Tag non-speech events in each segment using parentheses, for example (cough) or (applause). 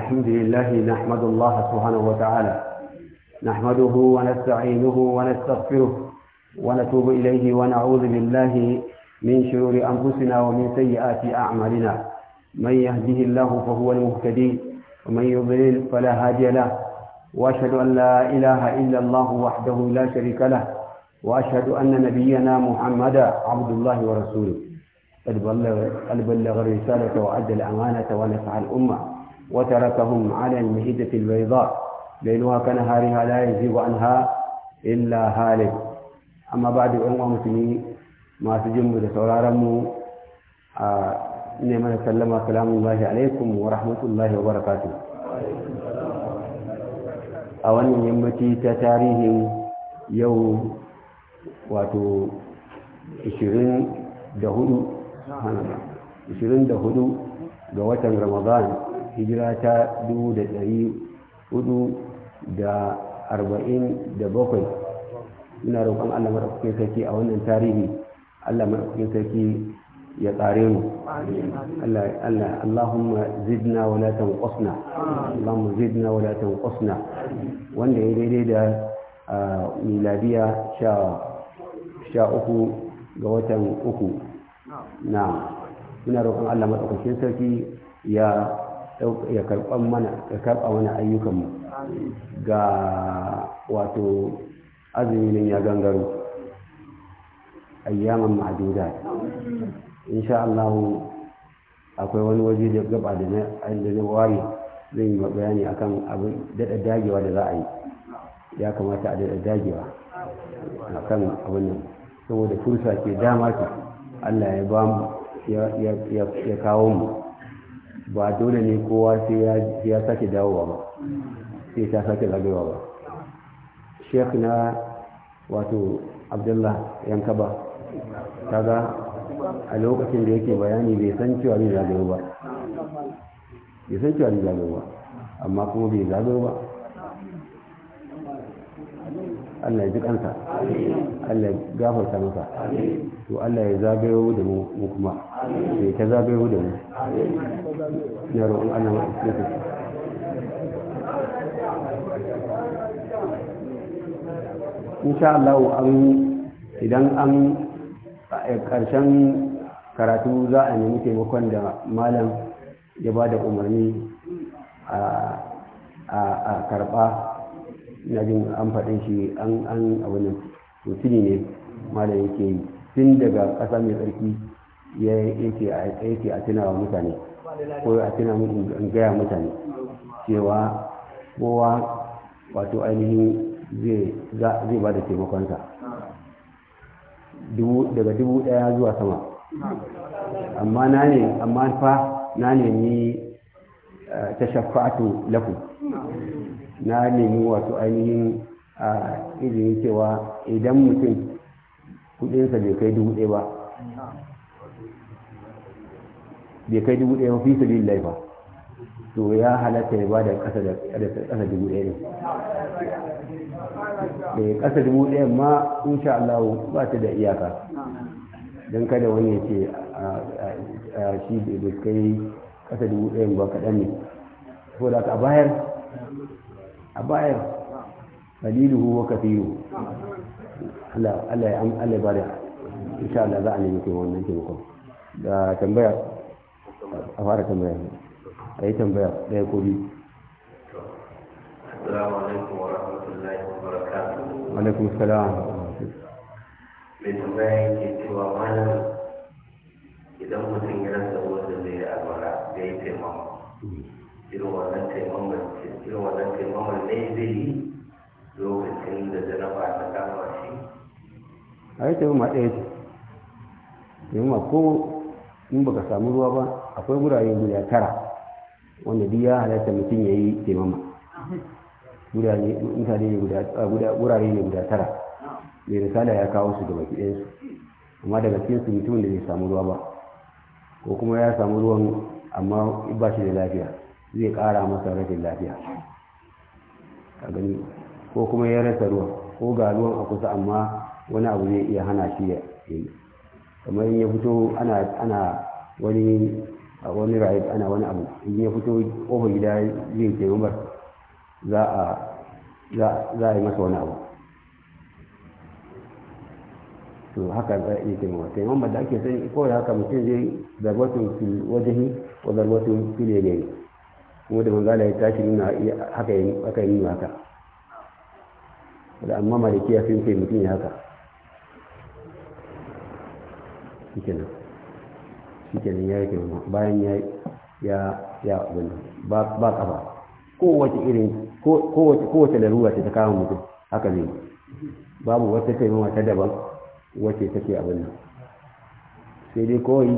الحمد لله نحمد الله سبحانه وتعالى نحمده ونستعينه ونستغفره ونتوب إليه ونعوذ بالله من شرور أنفسنا ومن سيئات أعمالنا من يهده الله فهو المهتدي ومن يضلل فلا هادي له وأشهد أن لا إله إلا الله وحده لا شريك له وأشهد أن نبينا محمدا عبد الله ورسوله قد بلغ الرسالة وأدى الأمانة ونفع الأمة وتركهم على المهجة البيضاء ليلها كنهارها لا يزيغ عنها إلا هالك أما بعد أمة مسلمين ما تجمع تسورارمو إنما نسلم سلام الله عليكم ورحمة الله وبركاته أولا يمتي تتاريهم يوم واتو 24 ga watan Ramadan hijira ta 447 ina roƙon Allah maɗaukakin sarki a wannan tarihi Allah maɗaukakin sarki ya tsare mu Allah Allahumma zidna wa la tanqusna Allahumma zidna tanqusna wanda ya daidai da miladiya sha uku ga watan uku na ina roƙon Allah maɗaukakin sarki ya ya karɓan mana ya karɓa wani ayyukanmu ga wato azumin ya gangaro ayyaman ma'aduda insha Allah akwai wani waje da gaba da na wari zan yi bayani akan abin daɗa dagewa da za a yi ya kamata a daɗa dagewa akan abin nan saboda fursa ke dama ce Allah ya ba mu ya kawo mu ba dole ne kowa sai ya sake dawowa ba sai ta sake zagewa ba sheikh na wato abdullah yankaba ga a lokacin da yake bayani bai san cewa ne zagewa ba bai san cewa bai zagayo amma kuma bai zagewa ba Allah ya ji kansa Allah ya gafarta masa to Allah ya zagayo da mu kuma ya ta zagayo da mu ya roƙon Allah ya insha Allah an idan an ƙarshen karatu za a nemi taimakon da malam ya ba da umarni a karɓa Na jin an faɗin shi an an abin to ne malam yake yi tun daga ƙasa mai tsarki ya yake a tuna wa mutane ko a tuna mutum gaya mutane cewa kowa wato ainihin zai ba da taimakonsa daga dubu ɗaya zuwa sama amma na ne amma fa na nemi eh, ta shafatu lafu na nemi wato ainihin a izini cewa idan mutum kudinsa bai kai dubu ɗaya ba bai kai dubu ɗaya fi su lillahi ba to ya halatta ya ba da ƙasa dubu ɗaya ne da ya ƙasa dubu ɗaya ma insha Allah ba ta da iyaka don kada wani ya ce a shi bai kai ƙasa dubu ɗaya ba kaɗan ne ko da ka bayar a bayan kaliluhu wa kafiru Allah ya Allah ba da insha Allah za a nemi kai wannan taimakon da tambaya a fara tambaya a yi tambaya ɗaya ko biyu Assalamu alaikum wa rahmatullahi wa barakatuhu. Alaikum salam. Mai tambaya yake cewa malam idan mutum a yi taimama ɗaya ce taimama ko in ba ka samu ruwa ba akwai gurare guda tara wanda duk ya halatta mutum ya yi taimama gurare ne guda tara mai risala ya kawo su gaba ɗayansu amma daga cikin su mutum da bai samu ruwa ba ko kuma ya samu ruwan amma ba shi da lafiya zai ƙara masa rashin lafiya a gani ko kuma ya rasa ruwan ko ga ruwan a kusa amma wani abu zai iya hana shi ya yi kamar ya fito ana wani wani rayu ana wani abu in ya fito ƙofar gida zai ce umar za a yi masa wani abu to haka za a iya taimawa taimawa da ake sani ko da haka mutum zai zarbatun fil wajahi ko zarbatun fil yanayi kuma da manzala ya tashi nuna haka yi nuna haka da amma malikiya sun ce mutum ya haka shikenan shikenan ya yake bayan ya ya ya ba ba kafa kowace irin kowace kowace larura ce ta kama mutum haka ne babu wata taimawa ta daban wace take abin nan sai dai kawai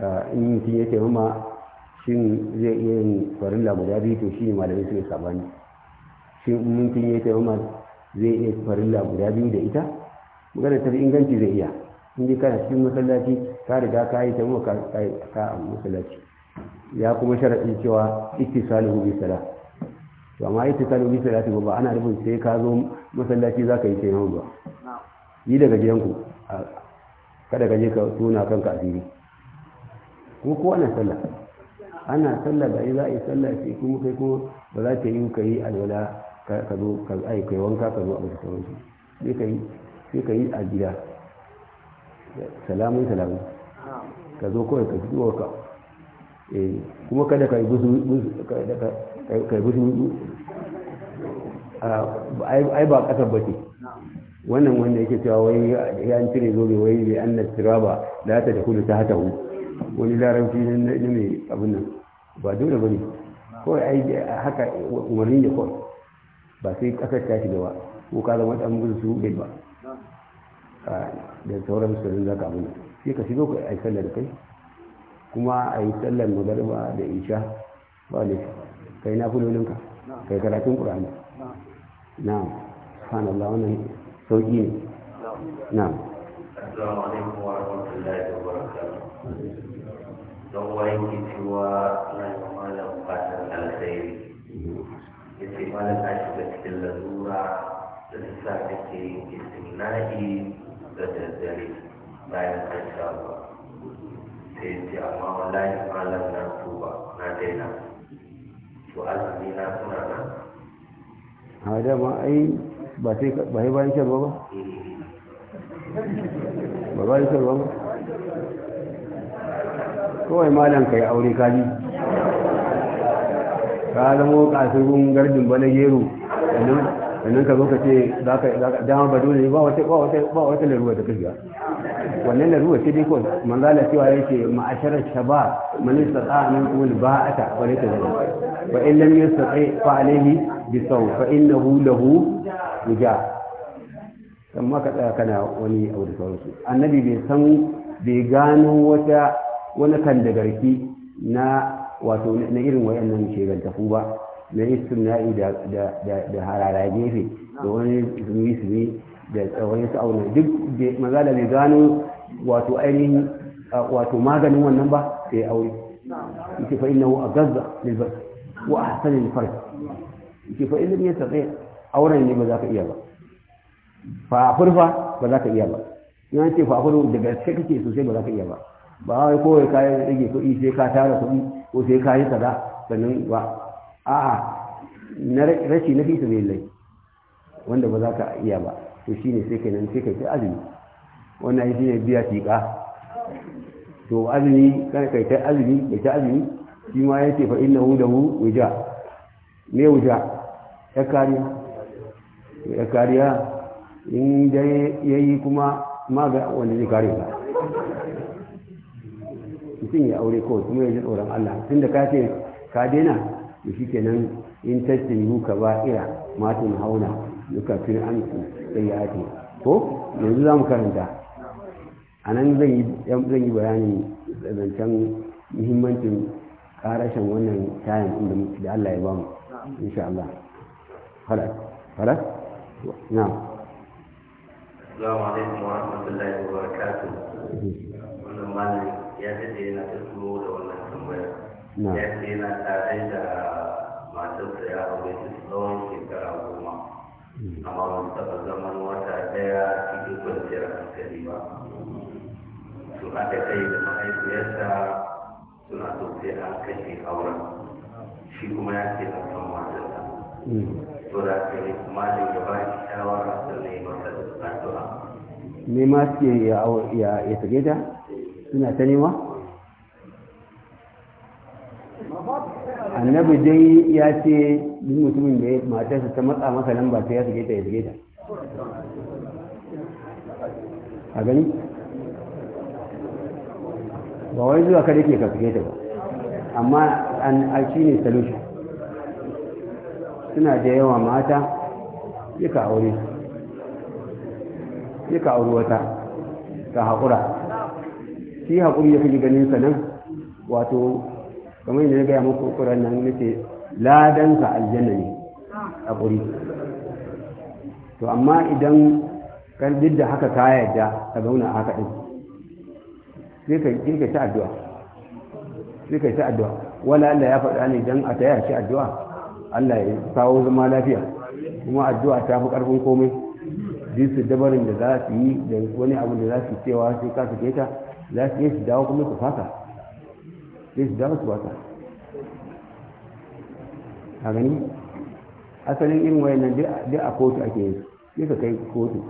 ah, in mutum ya taimama shin zai iya yin farilla guda biyu to shi ne malamai suke sabani shin in mutum ya taimama zai iya farin guda biyu da ita magana ta fi inganci zai iya in ka kana cikin masallaci ka riga ka yi tamu ka ka masallaci ya kuma sharadin cewa ittisaluhu bi sala to amma ittisaluhu bi salati ba ana rubun sai ka zo masallaci zaka yi tamu ba yi daga gidanku kada ka je ka tona kanka asiri ko ko ana sallah ana sallah ba za a yi sallah sai kuma kai ko ba za ta yi ka yi alwala ka zo ka ai kai wanka ka zo a wasu sauransu sai sai ka yi a gida salamun salamun ka zo kawai ka ji ka eh, kuma kada ka yi busu ah, ai ba ƙasar ba ce wannan wanda yake cewa wai ya cire zobe wai bai an na ba da ta da kudu ta hata hu wani larabci na mai abin nan ba dole ba ne kawai ai haka umarni da kawai ba sai ƙasar ta shiga ba ko ka zama ɗan gudu su ba da sauran sirrin zaka abin sai ka shigo ka yi sallar kai kuma a yi sallar magariba da isha ba ne kai na Ka kai karatun ƙur'ani na subhanallah wannan sauƙi ne na assalamu alaikum wa rahmatullahi wa barakatuh don wani ki cewa na yi malam fatan alkhairi ya ce malam na shiga cikin lalura da ta sa nake istimna'i da daddare bayan ta ba sai ce amma wallahi malam na tuba na daina to azumi na suna nan a dama ai ba sai bayan ba ba ba ba kawai malam ka aure kaji ka zama kasurun gardin bane gero sannan ka zo ka ce za ka dama ba dole ne ba wata laruwa ta kirga wannan laruwa ce dai ko manzala cewa yake ma'asharar shaba mani sata nan kuma ba a ta wani ta zai fa in lam yastati fa alayhi bi saw fa innahu lahu wija amma ka tsaya kana wani abu da sauransu annabi bai san bai gano wata wani kan na wato na irin wayannan shegantafu ba na na'i da harara gefe da wani zumi-zumi da tsawon su auna duk maza da bai gano wato ainihin wato maganin wannan ba sai aure yake fa innahu agazza gaza bas wa a sanin farj yake fa idan ya tsaye auren ne ba za ka iya ba fa ba za ka iya ba yana ce fa daga sai kake sosai ba za ka iya ba ba wai kowai kayan rage kuɗi sai ka tara kuɗi ko sai ka yi tsada sannan ba a'a na rashi na fi lai wanda ba za ka iya ba to shi ne sai kai nan sai kai ta azumi wannan shi ne biya tiƙa to azumi kan kai ta azumi kai ta azumi shi ma ya ce fa da hu wuja me wuja ya kariya ya kariya in dai yi kuma ga wanda zai kare ka mutum ya aure kawai kuma ya ji tsoron Allah da ka ce ka daina to shikenan in tasiru ka ira matan hauna yukafir an ake ko yanzu mu karanta a zan yi zan yi bayanin zancen muhimmancin karashen wannan tayan inda da Allah ya bamu insha Allah خلاص خلاص na. السلام عليكم ورحمة wannan malam ya daɗe yana ta da wannan tambaya ya ce yana tare da matarsa ya tsawon shekara goma hmm. amma ban taɓa zaman wata ɗaya cikin kwanciyar hankali ba su kai da mahaifiyarsa suna so sai an kashe shi kuma ya ce a san hmm. to da kuma da gaba shawara masa ya ta suna ta nema annabi dai ya ce duk mutumin da matarsa ta matsa masa lamba ta ya shige ta ya shige ta a gani ba wai zuwa kada ke ka shige ta ba amma an aiki ne salushi suna da yawa mata ya ka aure ya ka aure wata ka haƙura shi haƙuri ya fi ganin sanan wato kamar yadda gaya muku ƙuran nan nace ladansa aljanna ne a ƙuri to amma idan kan da haka ka yarda a zauna a haka ɗin sai ka ci addu'a sai ka ci addu'a wala Allah ya faɗa ne dan a tayar ci addu'a Allah ya kawo zama lafiya kuma addu'a ta fi ƙarfin komai jinsu dabarin da za su yi da wani abu da za su cewa sai ka su ta za su yi su dawo kuma su fasa sai asalin irin wayannan duk a kotu ake yi sai ka kai kotu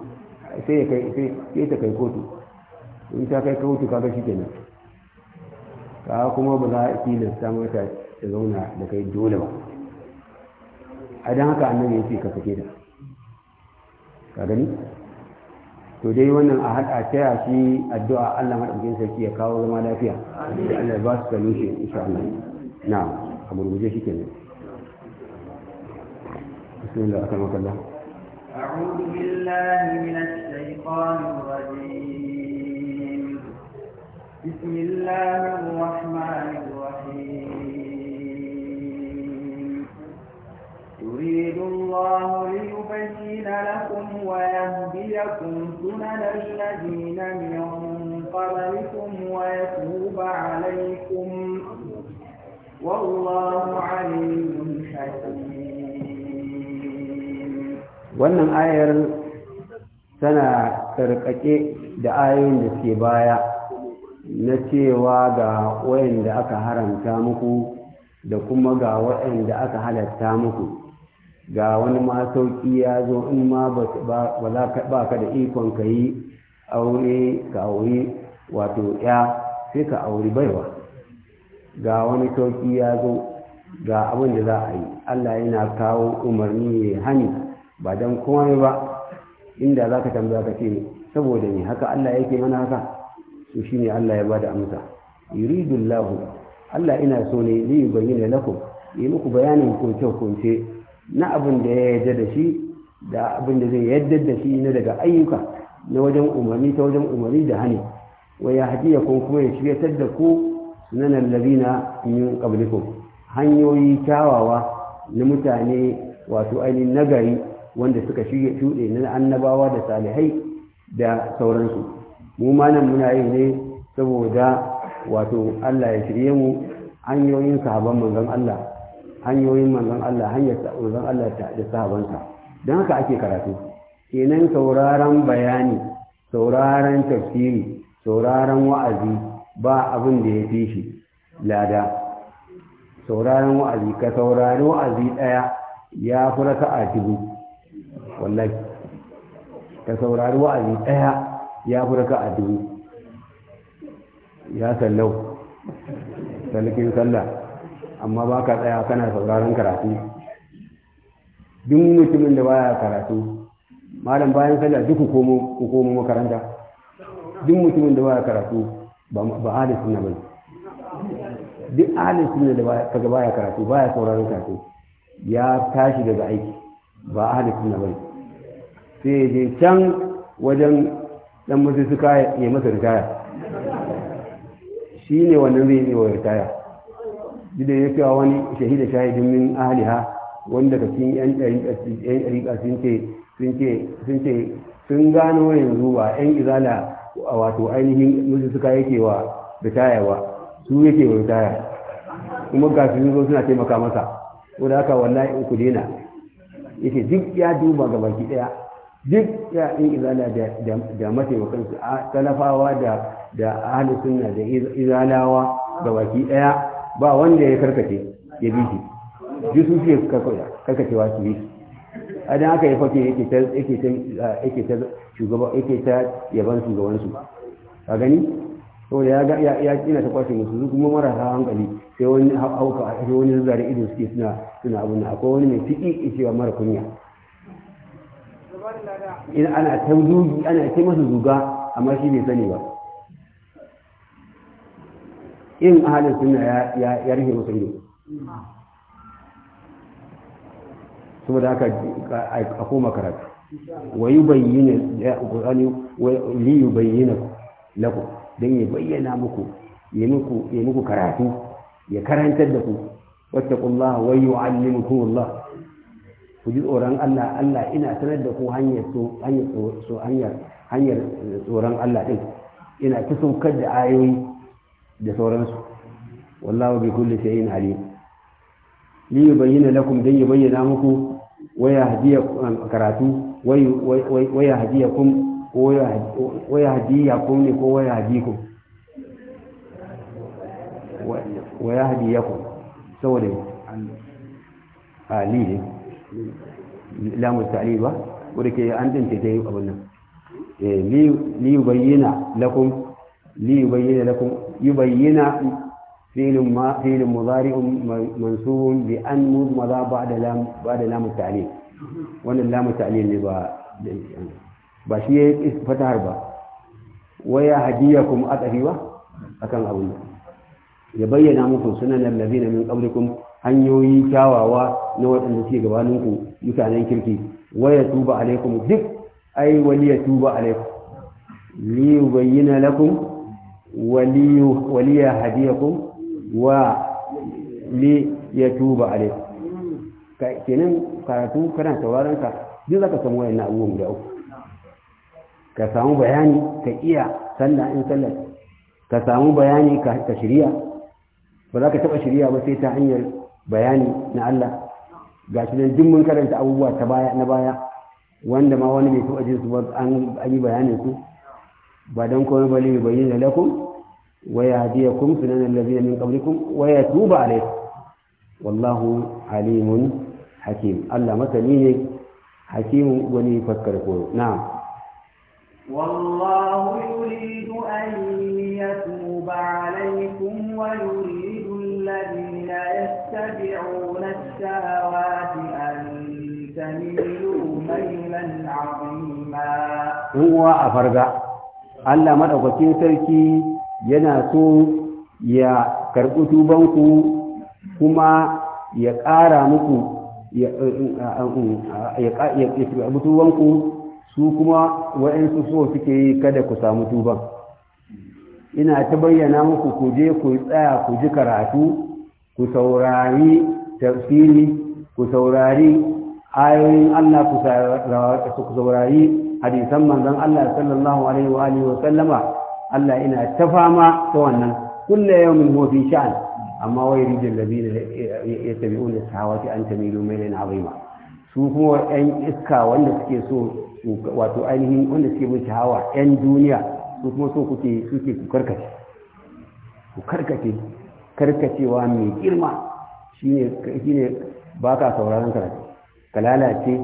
sai ya kai sai ta kai kotu in ta kai kotu kaga shi kenan ka kuma ba za a tilasta mata ta zauna da kai dole ba a don haka annabi ya ce ka sake ta to dai wannan a haɗa taya shi addu'a Allah maɗaukakin sarki ya kawo zama lafiya Allah ya ba su solution insha Allah na a gurguje shi kenan bismillah akan makalla أعوذ بالله من الشيطان الرجيم بسم الله الرحمن الرحيم يريد الله ليبين لكم ويهديكم سنن الذين من قبلكم ويتوب عليكم والله عليم حكيم wannan ayar tana karkake da ayoyin da ke baya na cewa ga wayanda aka haramta muku da kuma ga waɗanda aka halatta muku ga wani ma ya zo in ma ba ka da ikon ka yi aure ga aure wato ya sai ka aure baiwa ga wani sauki ya zo ga abin da za a yi allah yana kawo umarni mai hani ba don komai ba inda za ka tambaya ka ce saboda ne haka allah yake mana haka su shi ne allah ya ba da amsa yuridullahu allah ina so ne zai bayyana lakum yi muku bayanin kunce-kunce na abin da ya yarda da shi da abin da zai yarda da shi na daga ayyuka na wajen umarni ta wajen umarni da hani wa ya hajiya kun kuma ya shiryatar da ku nallabi na yin qablikum hanyoyi kyawawa na mutane wato ainihin nagari wanda suka shirya shuɗe na annabawa da salihai da sauransu mu ma nan muna yi ne saboda wato Allah ya shirye mu hanyoyin sahaban manzon Allah hanyoyin manzon Allah hanyar manzon Allah da sahabansa don haka ake karatu kenan sauraron bayani sauraron tafsiri sauraron wa'azi ba abin da ya fi shi lada sauraron wa'azi ka saurari wa'azi ɗaya ya fi raka a dubu wallahi ka saurari wa'azi ɗaya ya fi raka a dubu ya sallau salikin sallah amma ba ka tsaya kana sauraron karatu duk mutumin da baya karatu malam bayan sallah duk ku komo makaranta duk mutumin da baya karatu ba ahli sunna ba duk ahli sunna da kaga baya karatu baya sauraron karatu ya tashi daga aiki ba ahli sunna ba sai je can wajen dan musu suka ya masa ritaya shi ne wannan zai yi wa ritaya da ya fiya wani shahida shahidin min ahliha wanda ka cikin yan ɗari sun ce sun ce sun gano yanzu ba 'yan izala a wato ainihin musu suka yake wa ritaya ba su yake wa ritaya kuma ga su zo suna taimaka masa ko da haka wallahi in ku dena yake duk ya duba ga baki daya duk ya in izala da da mataimakan a talafawa da da ahli da izalawa ga baki daya ba wanda ya karkace ya bi shi duk su karkacewa su yi. shi a dan haka ya fake yake ta yake ta yake ta shugaba yake ta yaban shugaban su ka gani to ya ga ya kina ta kwashe musu kuma mara hankali sai wani hauka sai wani zare ido suke suna suna abun akwai wani mai fiki cewa mara kunya in ana ta zugi ana ta masa zuga amma shi bai sani ba in ahalin suna ya rufe masa ido saboda haka a koma karatu wa yi bayyana ya ƙurani wa yi bayyana lakum don ya bayyana muku ya muku karatu ya karantar da ku ƙulla wa yu'allimukum Allah ku ji tsoron Allah Allah ina sanar da ku hanyar tsoron Allah ɗin. ina ta saukar da ayoyi da sauransu wallawa bi kulli shay'in alim li yubayyana lakum dan yubayyana muku Waya wayahdiyakum karatu wayahdiyakum ko wayahdiyakum ne ko waya wayahdikum wayahdiyakum saboda ali ne lamu Aliyu ba wanda ke an dinta ta yi abin nan li yubayyana lakum li yubayyana lakum yubayyana فعل ما مضارع منصوب بأن مضمضة بعد لام بعد لام التعليل wannan lamu ta'lil ne ba ba shi ya fatahar ba waya hadiyakum atafi ba akan abun ya bayyana muku sunan allazina min qablikum hanyoyi kyawawa na waɗanda suke gabanin ku mutanen kirki waya tuba alaikum duk ai waliya tuba alaikum waliya wa li ya tuba alai kenan karatu kana sauraron ka duk zaka samu wannan abubuwan guda uku ka samu bayani ka iya sallah in sallah ka samu bayani ka shirya ba za ka taɓa shirya ba sai ta hanyar bayani na Allah ga shi nan duk mun karanta abubuwa ta baya na baya wanda ma wani bai taɓa jin su ba an yi bayanin su ba don komai ba ne bayyana lakum ويهديكم سنن الذين من قبلكم ويتوب عليكم والله عليم حكيم الله مثليه حكيم ولي يفكر نعم والله يريد أن يتوب عليكم ويريد الذين يتبعون الشهوات أن تميلوا ميلا عظيما هو أفرجع الله ما أقول sarki yana so ya karɓi tubanku kuma ya ƙara muku ya karɓi tubanku su kuma waɗansu so suke yi kada ku samu tuban ina ta bayyana muku ku je ku tsaya ku ji karatu ku saurari tafsiri ku saurari ayoyin Allah ku saurari hadisan manzon Allah sallallahu alaihi wa sallama Allah ina ta fama ta wannan kulle yau huwa fi sha'an amma wai da rijal ladina yattabi'una shahawati an mai tamilu abai ma, su kuma yan iska wanda suke so wato ainihin wanda suke bin shahawa yan duniya su kuma so kuke suke ku karkace ku karkace karkacewa mai girma shine shine baka sauraron karatu ka lalace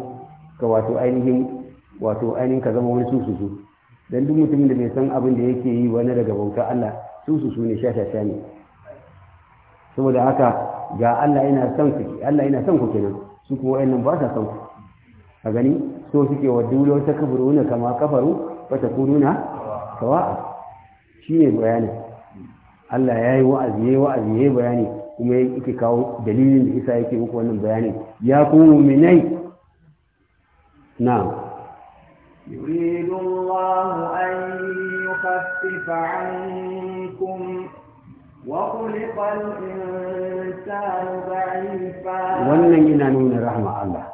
ka wato ainihin wato ainihin ka zama wani sususu dan duk mutumin da bai san abin da yake yi wani daga bauta Allah su su su ne shashasha ne saboda haka ga Allah yana son ku Allah yana son ku kenan su kuma wayannan ba sa son ku a gani so suke wa dulo ta kaburuna kama kafaru ta takununa sawa'a shine bayanin Allah yayi wa'azi yi wa'azi yi bayani kuma yake kawo dalilin da isa yake muku wannan bayani ya ku mu'minai na'am يريد الله أن يخفف عنكم وخلق الإنسان ضعيفا wannan yana nuna rahama الله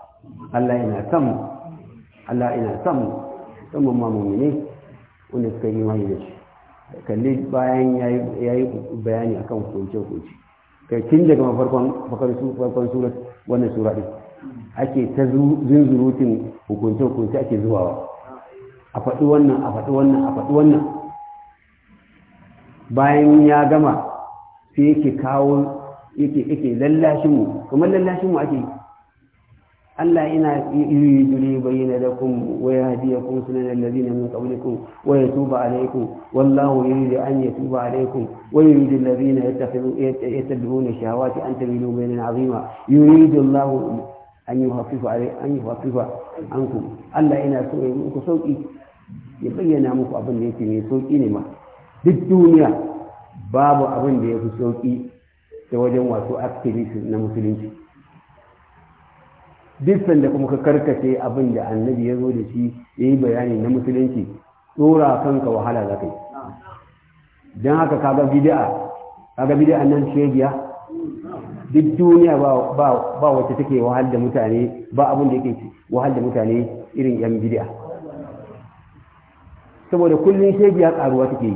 Allah yana san Allah yana san san mu mu'mini wanda suka kalli bayan yayi bayani akan kunce kunce kai tun daga mafarkon farkon surat wannan sura din ake ta zunzurutin hukunce kunce ake zuwa a faɗi wannan a faɗi wannan a faɗi wannan bayan ya gama sai yake kawo yake yake lallashin mu kamar lallashin mu ake yi Allah ina yuri bayyana da kun wa ya hadiya kun sunan lalazi na min kun wa yatuba alaykum wallahu ya an yatuba alaykum wa yuridu allazina Wani shahawati an nome na azima da Allahu an hafifa an yuhaffifa ankum Allah ina so ya yi muku sauki ya bayyana muku abin da yake mai sauƙi ne ma duk duniya babu abin da ya fi sauƙi ta wajen wato activism na musulunci duk sanda kuma ka karkace abin da annabi ya zo da shi ya yi bayani na musulunci tsora kanka wahala za ka yi don haka kaga bid'a kaga bid'a nan shegiya duk duniya ba wacce take wahal da mutane ba abin da yake wahal da mutane irin yan bid'a saboda kullum shegiya ya karuwa take yi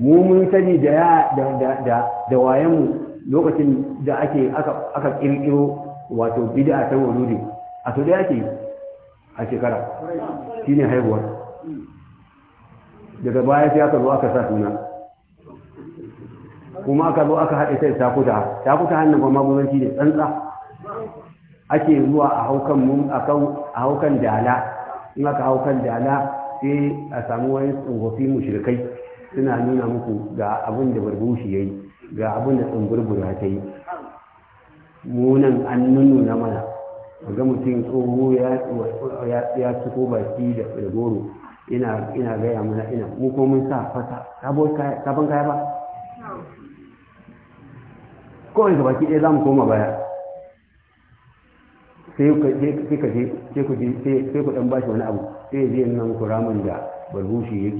mu mun sani da ya da da da wayan lokacin da ake aka aka kirkiro wato bid'a ta wurudi a to da yake a shekara shine haihuwar daga baya sai aka zo aka sa suna kuma aka zo aka haɗe sai takuta takuta hannun ba magudanci ne tsantsa ake zuwa a haukan mun a haukan dala in aka haukan dala sai a samu wani tsungofi mushrikai suna nuna muku ga abin da barbushi ya yi ga abin da ya ta yi munan an nuna mana a ga mutum tsoho ya ciko baki da goro ina gaya mana ina mu mun sa fata sabon kaya ba kawai ga baki ɗaya za mu koma baya sai ku ɗan bashi wani abu sai zai nan kuramin da balbushi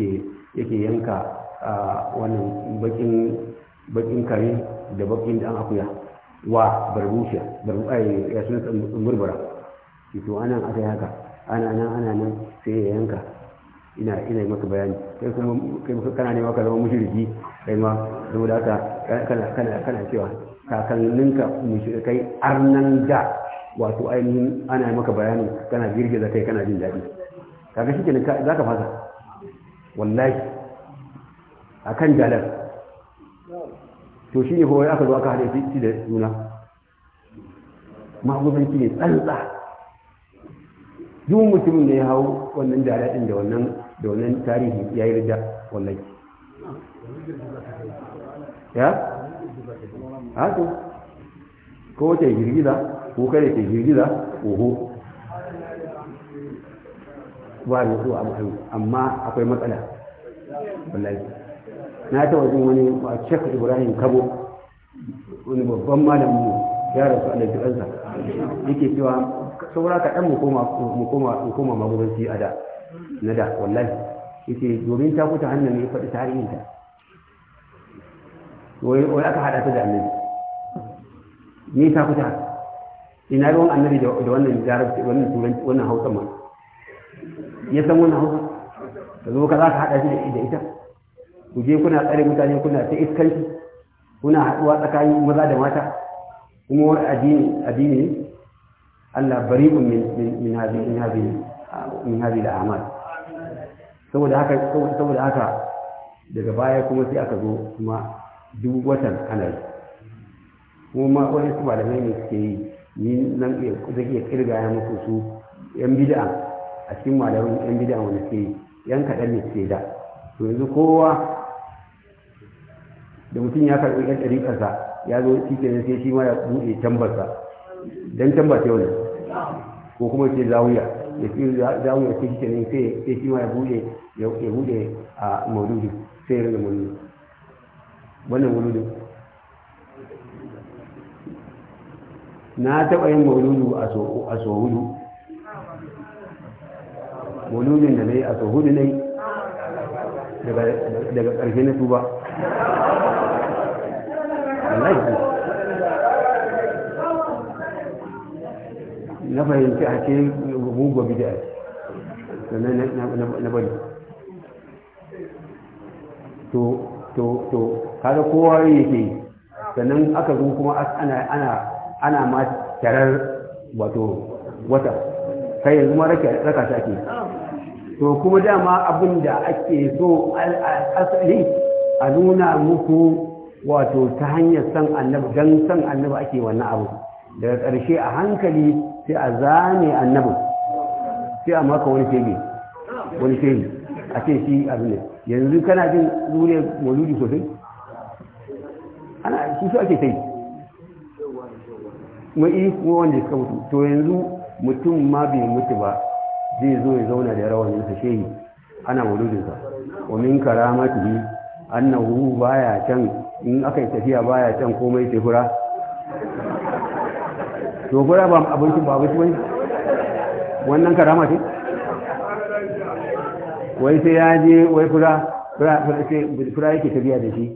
yake yanka a wannan bakin kare da bakin da an akuya wa barbushiya barbushi ya suna murmura to ana aka haka ana nan ana nan sai ya yanka ina ina maka bayani kai kuma kai maka kana ne maka zama mushriki kai ma saboda haka kana kana cewa kakanninka kai arnan da wato ainihin ana maka bayani kana girgiza kai kana jin daɗi kaga shi kenan za ka fasa wallahi a kan jalar to shi ne kawai aka zo aka haɗe shi da juna maguzanci ne tsantsa duk mutumin ne ya hau wannan jalar ɗin da wannan da wannan tarihi ya yi rida wallahi ya? ha to ko wace girgiza ko kare ta girgiza oho ba ni zuwa abu amma akwai matsala wallahi na ta wajen wani shek ibrahim kabo wani babban malamin mu ya rasu a jiransa yake cewa saura kaɗan mu koma magudanci a da na da wallahi yake domin ta kuta hannun ne faɗi ta wai aka hada ta da annabi ni ta kuta ina ruwan annabi da wannan jarabta wannan turanci wannan hausa ma ya san wannan hausa ka zo ka za ka haɗa shi da ita ku je kuna tsare mutane kuna ta iskanci kuna haɗuwa tsakanin maza da mata kuma wani addini addini ne Allah bari min min hadhihi min min hadhihi da amal saboda haka saboda haka daga baya kuma sai aka zo kuma duk watan kanar kuma wani su mai ne suke yi ni nan zai iya kirga ya muku su yan bid'a a cikin malamin yan a wani ke yan kaɗan ne ke da to yanzu kowa da mutum ya karɓi yan ɗariƙarsa ya zo shi nan sai shi ma ya buɗe tambarsa don tambar ta wani ko kuma ce zawiya ya fi zawiya sai shi nan sai shi ma ya buɗe ya buɗe a maududu sai ya rinka maududu wannan na taɓa yin mauludu a so mauludin da na yi a tsohudu na yi daga ƙarfi na tuba na fahimci a ce da bidiyar na bari to to to kada kowa yake sannan aka zo kuma ana ana ana ma tarar wato wata sai yanzu ma raka raka shi ake to kuma dama abin da ake so asali a nuna muku wato ta hanyar san annabi don san annabi ake wannan abu daga ƙarshe a hankali sai a zane annabin sai a maka wani shege wani shege a ce shi abin ne yanzu kana jin zuriyar mauludi sosai ana shi su ake sai mai wanda suka mutu to yanzu mutum ma bai mutu ba zai zo ya zauna da rawanin sa shehi ana mauludin sa wa min karamatihi annahu baya can in aka yi tafiya baya can komai sai fura to fura ba abincin ba abinci bane wannan karama ce wai sai ya je wai fura fura yake tafiya da shi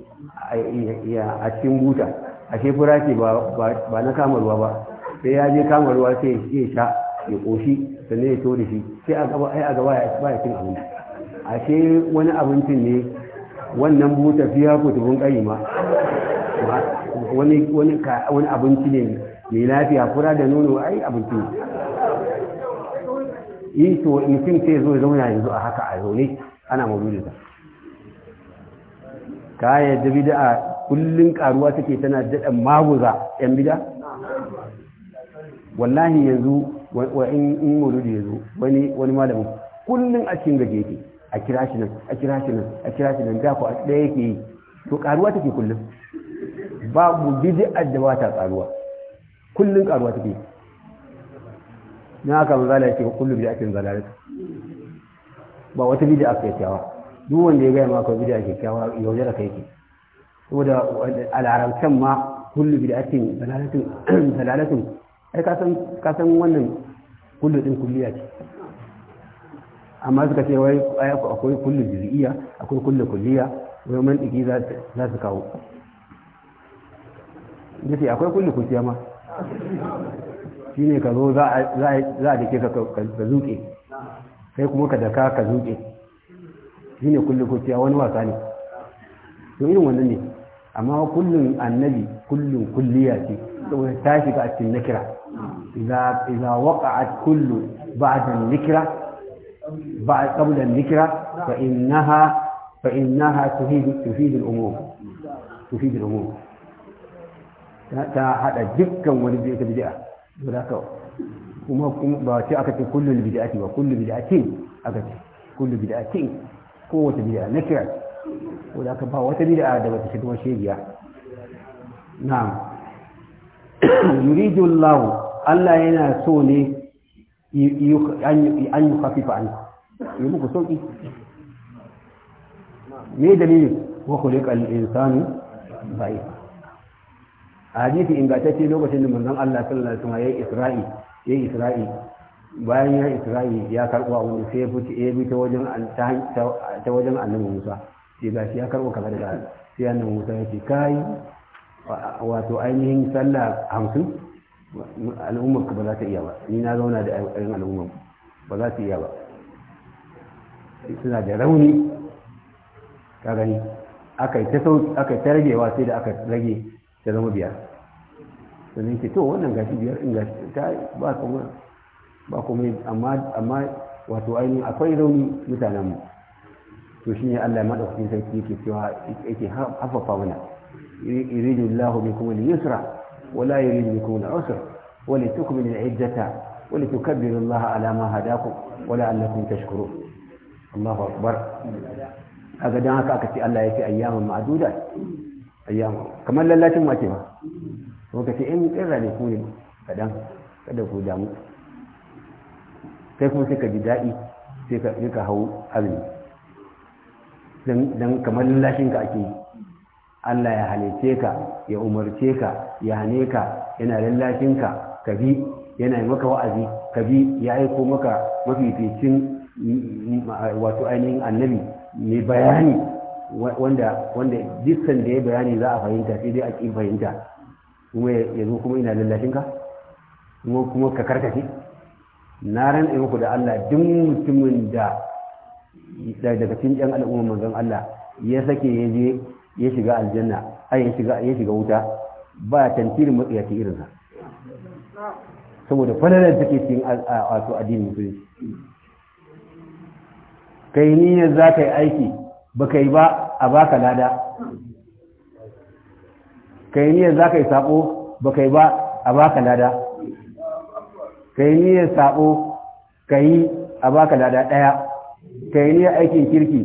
a cikin buta ashe fura ce ba na kamarwa ba sai ya je kama sai ya sha ya ƙoshi. sannan ya tori shi sai a gaba ai a gaba ya ba ya cin abinci ashe wani abincin ne wannan buta fiya ku tubun kai ma wani wani ka wani abinci ne mai lafiya fura da nono ai abinci ne yi to mutum sai zo zauna yanzu a haka a zaune ana mauludinsa ka da bid'a kullun karuwa take tana daɗa maguza 'yan bida? wallahi yanzu wa in ya zo wani malamin kullum a cikin gaje yake a kira shi nan a kira shi nan a kira shi nan da ku a ɗaya yake yi to karuwa take kullum babu bid'ar da ba ta karuwa kullum karuwa take na haka manzala ya ce kullum bid'atin zalalat ba wata bid'a kai kyawa duk wanda ya ga ma ka bid'a kai kyawa yauje da kai ke saboda al'arancan ma kullu bid'atin zalalatin zalalatin (clears throat) ai ka san wannan kullu din kulliya ce amma suka ce wai akwai kullu jiri'iya akwai kullu kulliya wai man ɗigi za su kawo ya ce akwai kullu kulliya ma shi ne ka zo za a dake ka ka zuke kai kuma ka daka ka zuke shi ne kullu kulliya wani wasa ne to irin wannan ne amma kullun annabi kullun kulliya ce saboda ta shiga a cikin nakira idza waqa'at kullu ba'da nakira ba'd qabla nakira fa innaha fa innaha tufid tufid al-umum tufid ta hada dukkan wani zai ka bid'a saboda kuma ba ce aka ce kullu bid'ati ba kullu bid'atin ka wata bid'a da bata shiga shegiya (coughs) yuridu Allah Allah yana so ne an yi hafifa an yi muku sauki me dalili wa khuliqa al bai a hadisi ingantacce lokacin da manzon Allah sallallahu alaihi wasallam yi Isra'i yi Isra'i bayan ya Isra'i ya karbo wani sai ya fice ya bi ta wajen ta Annabi Musa sai shi ya karbo kamar da sai Annabi Musa ya ce kayi wato ainihin sallah hamsin al'ummar ku ba za ta iya ba ni na zauna da ainihin al'ummar ba za ta iya ba suna da rauni ka gani aka yi ta ragewa sai da aka rage ta zama biyar sannan ke to wannan gashi biyar in gashi ta ba kuma ba kuma amma wato ainihin akwai rauni mutanenmu to shi ne allah maɗaukakin sarki yake cewa yake hafafa mana yuridu Allahu bikum al-yusra wa la yuridu bikum al-usra wa litukmilu al-iddata wa litukabbiru Allah ala ma hadakum wa la'allakum tashkurun Allahu akbar kaga dan haka aka ce Allah yake ayyaman ma'dudat ayyama kamar lallacin wace ba kuma kace in kirra ne ku ne kadan kada ku damu kai kuma sai ka ji daɗi sai ka hau azumi don kamar lashin ka ake Allah ya halice ka ya umarce ka ya hane ka yana lallashin ka ka bi yana yi maka wa'azi ka bi ya aiko maka mafificin mm, mm, wato ainihin annabi mai bayani wanda wanda dukkan da ya bayani za a fahimta sai dai a ƙi fahimta kuma ya zo kuma ina lallashin ka kuma ka karkace na ran muku da Allah duk mutumin da daga cikin yan al'umma manzon Allah ya sake ya je ya shiga aljanna ai ya shiga ya shiga wuta ba tantirin matsiyaci irin sa saboda falalar take cikin wato addinin musulunci kai niyyar za ka yi aiki ba ka yi ba a baka lada kai niyyar za ka yi sabo ba ka yi ba a baka lada kai niyyar sabo ka yi a baka lada ɗaya kai niyyar aikin kirki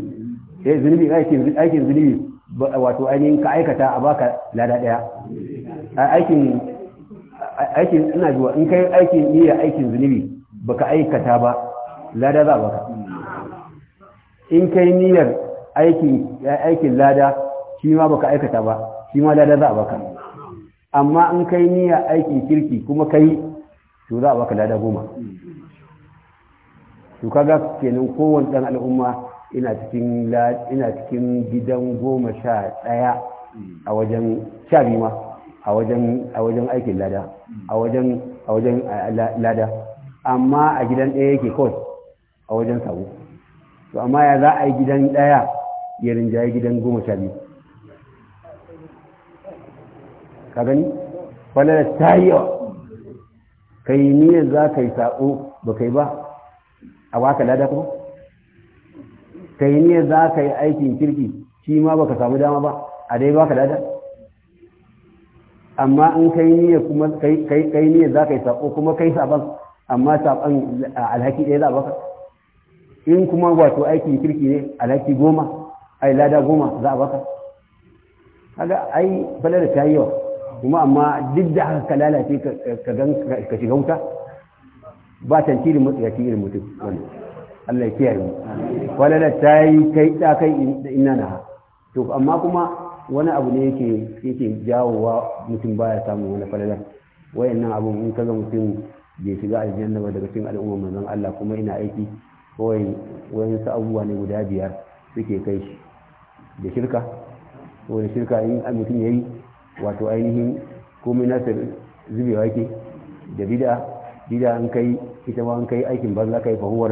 eh, aikin zunubi wato ainihin ka aikata a baka lada daya aikin aikin ina zuwa in kai aikin iya aikin zunubi baka aikata ba lada za baka in kai niyyar aikin aikin lada shi ma baka aikata ba shi ma lada za baka amma in kai niyyar aikin kirki kuma kai to za baka lada goma to kaga kenan kowanne dan al'umma ina cikin ina cikin gidan goma sha ɗaya a wajen sha ma a wajen a wajen aikin lada a wajen a wajen lada amma a gidan ɗaya yake kawai a wajen sabo to amma ya za a yi gidan ɗaya ya rinjaye gidan goma sha biyu ka gani falala ta yi yawa kai niyyar za ka yi sabo ba kai ba a waka lada kuma kai ne za ka yi aikin kirki shi ma baka samu dama ba a dai baka dada amma in kai niyya kuma kai kai niyya za ka yi sako kuma kai saban amma saban alhaki ɗaya za baka in kuma wato aikin kirki ne alhaki goma ai lada goma za a baka kaga ai falar ta yi yawa kuma amma duk da haka ka lalace ka shiga wuta ba tantiri mutu ya irin mutum wannan Allah ya kiyaye wala ta yi kai da kai ina na to amma kuma wani abu ne yake yake jawowa mutum baya samu wani falala wayannan abun in kaga mutum bai shiga aljanna ba daga cikin al'umma manzon Allah kuma ina aiki kawai wayansu abubuwa ne guda biyar suke kai shi da shirka ko da shirka in mutum yayi wato ainihin komai nasa zubewa yake da bid'a bid'a an kai ita ma an kai aikin banza kai fa huwa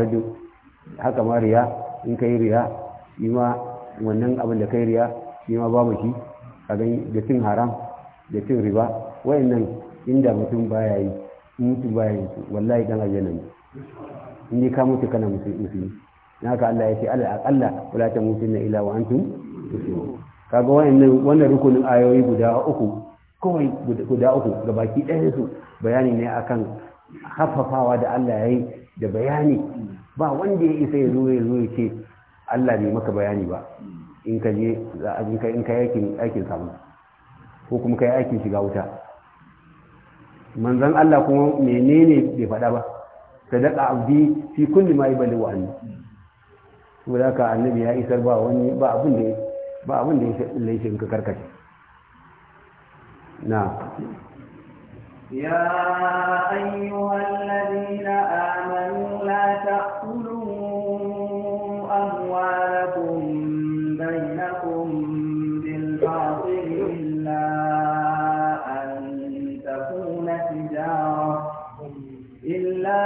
haka ma riya in ka yi riya shi ma wannan abin da ka yi riya shi ma babu shi a gani da cin haram da cin riba nan inda mutum baya yi mutum baya yi wallahi dan aljanna ne in ka mutu kana musulmi haka Allah ya ce ala aqalla wala tamutunna illa wa antum muslimun kaga nan wannan rukunin ayoyi guda uku kawai guda uku gabaki ɗaya su bayani ne akan haffafawa da Allah ya yi da bayani ba wanda ya isa ya zo ya zo ya ce Allah ne maka bayani ba in ka je in ka in ka aikin samu ko kuma kai aikin shiga wuta manzan Allah kuma menene bai faɗa ba sadaqa abdi fi kulli ma yi yabali wa anni saboda ka annabi ya isar ba wani ba abin da ba abin da ya in ka karkace na يا أيها الذين آمنوا لا تأكلوا أموالكم بينكم بالباطل إلا أن تكون تجارة إلا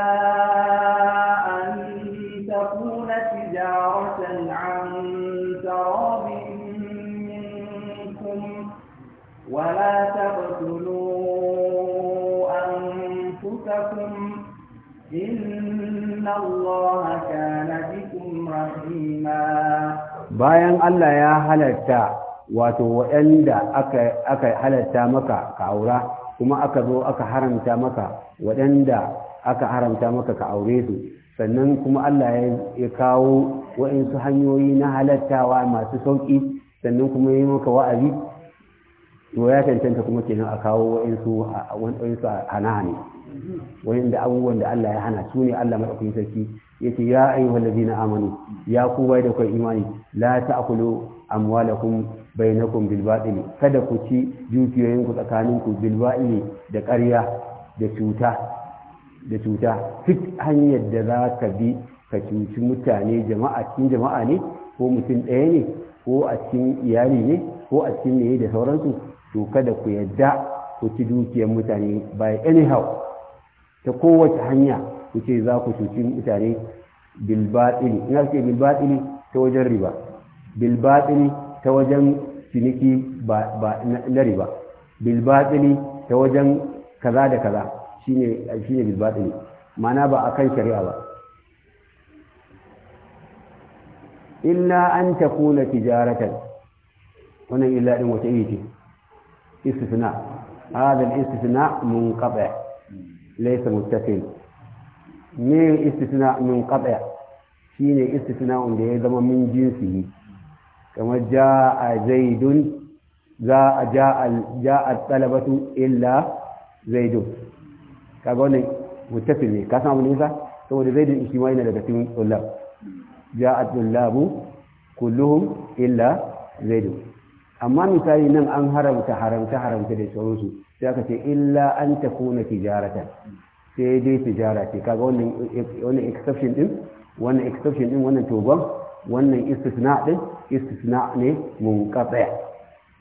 أن تكون تجارة عن تراب منكم ولا تقتلوا bayan Allah ya halatta wato waɗanda aka aka halatta maka ka aura kuma aka zo aka haramta maka waɗanda aka haramta maka ka aure su sannan kuma Allah ya kawo waɗansu hanyoyi na halattawa masu sauƙi sannan kuma yi maka wa'azi to ya cancanta kuma kenan a kawo waɗansu hana-hane Wani abubuwan da Allah ya hana su ne Allah madaukakin sarki yace ya ayyuhal ladina amanu ya ku bai da kai imani la ta'kulu amwalakum bainakum bil batil kada ku ci dukiyoyin ku tsakanin ku bil batil da ƙarya da cuta da cuta fit hanyar da za ka bi ka cuci mutane jama'a cikin jama'a ne ko mutum ɗaya ne ko a cikin iyali ne ko a cikin ne da sauransu to kada ku yadda ku ci dukiyar mutane by anyhow ta kowace hanya ce za ku cuci mutane bilbaɗini ina ce bilbaɗini ta wajen riba bilbaɗini ta wajen ciniki na riba bilbaɗini ta wajen kaza da kaza shine ne bilbaɗini mana ba a kan shari'a ba illa an ta kuna tijaratar wannan illa ɗin wata iya ce istisna hadal istisna mun kaɓa laysa muttasil me istisna min qat'a shine istisna da ya zama min jinsihi kamar jaa zaidun za jaa jaa talabatu illa zaidun kaga wannan muttasil ne ka san abin nisa saboda zaidun shi ma yana daga cikin tullab jaa tullabu kulluhum illa zaidun amma misali nan an haramta haramta haramta da sauransu sai aka ce illa an ta kuna tijaratan sai dai tijara ce kaga wannan wannan exception din wannan exception din wannan toban wannan istisna din istisna ne mun kasaya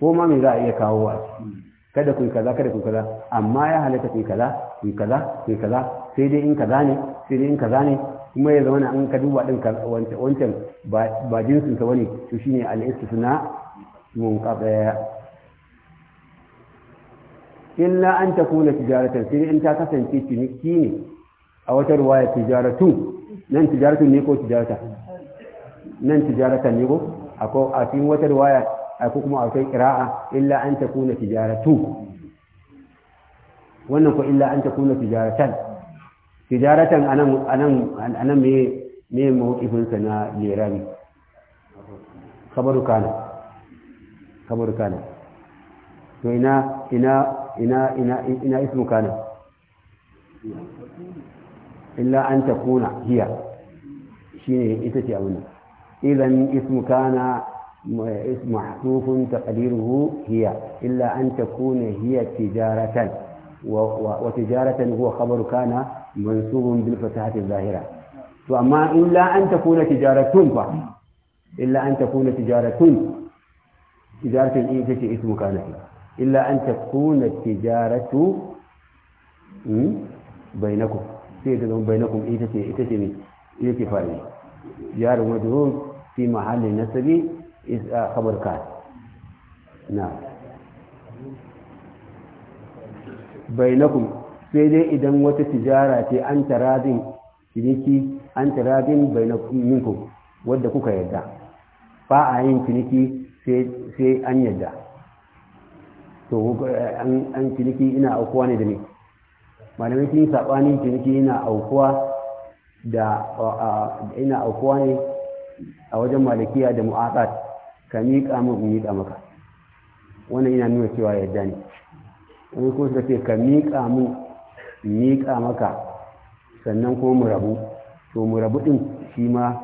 ko ma me za a iya kawo wa kada kun kaza kada kun kaza amma ya halatta kun kaza kun kaza kun kaza sai dai in kaza ne sai dai in kaza ne kuma ya zama an ka duba din wancan ba jinsinsa wani to shine al-istisna munqati'a illa an ta kuna tijaratan sai in ta kasance ciniki ne a wata ruwaya tijaratu nan tijaratu ne ko tijarata nan tijaratan ne ko akwai a cikin wata ruwaya akwai kuma akwai qira'a illa an ta kuna tijaratu wannan ko illa an kuna tijaratan tijaratan anan me me mawqifin sa na lirami khabaru خبر كان وإناء إناء إناء إناء إناء اسم كان إلا أن تكون هي hiya إتتي ita إذا اسم كان اسم محذوف تقديره هي إلا أن تكون هي تجارة وتجارة هو خبر كان منصوب بالفتحة الظاهرة فأما إلا أن تكون تجارة إلا أن تكون تجارة idaratul in ita ce ismu kanafi illa an takuna tijaratu bainakum sai ta zama bainakum ita ce ita ce ne ita ce fa'ili jar majrur fi mahalli nasbi is khabar kan na bainakum sai dai idan wata tijara ce an taradin ciniki an taradin bainakum minkum wanda kuka yadda ba'a yin ciniki sai an yadda to an ciniki ina aukuwa ne da ne malamai sun yi saɓani ciniki ina aukuwa da ina aukuwa ne a wajen malakiya da mu'aqat ka miƙa min in miƙa maka wannan yana nuna cewa yadda ne wani kuma suka ce ka miƙa min in miƙa maka sannan ko mu rabu to mu rabu ɗin shi ma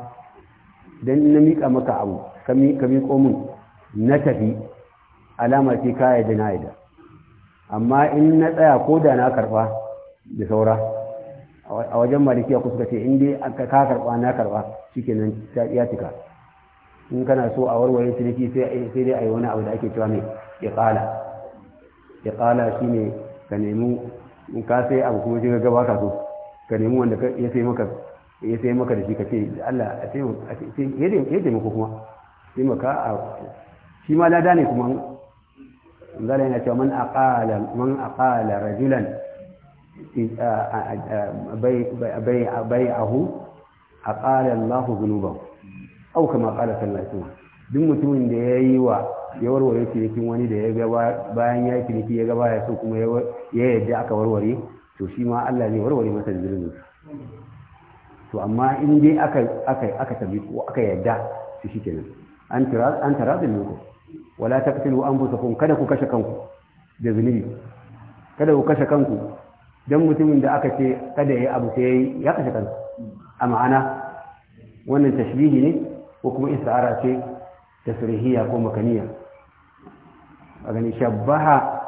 don na miƙa maka abu ka miƙo min na tafi alama ce ka yadda na yadda amma in na tsaya ko da na karba da saura a wajen malikiya ku suka ce in dai ka karba na karba shikenan ta iya cika in kana so a warware ciniki sai dai a yi wani abu da ake cewa mai iqala iqala ne ka nemi in ka sai abu kuma je gaba ka so ka nemi wanda ya sai maka ya sai maka da shi ka ce Allah a sai ya taimako kuma sai maka a shi ma lada ne kuma zala yana cewa man a ƙala aqala rajulan bai a aqala Allah zunuba au kama qala sallallahu alaihi duk mutumin da ya yi wa ya warware cinikin wani da ya ga bayan ya yi ciniki ya ga baya so kuma ya yadda aka warware to shi ma Allah ne warware masa zirin to amma in dai aka tabi ko aka yadda shi kenan an tara zai da lokaci ولا تقتلوا انفسكم كذا ku kashe kanku da zunubi kada ku kashe kanku dan mutumin da aka ce kada yayi abu sai ya kashe kansa a ma'ana wannan tashbihi ne ko kuma isara ce tasrihiya ko makaniya a gani shabbaha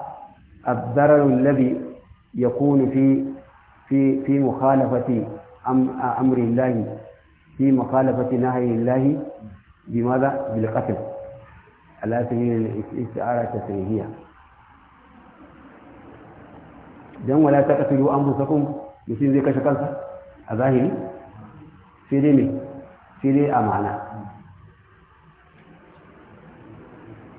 الضرر الذي fi في في في مخالفة أمر الله في مخالفة نهي الله bil qatl ala sabilil isti'ara tasrihiya dan wala taqtulu anfusakum mutum zai kashe kansa a zahiri sai dai me sai dai amana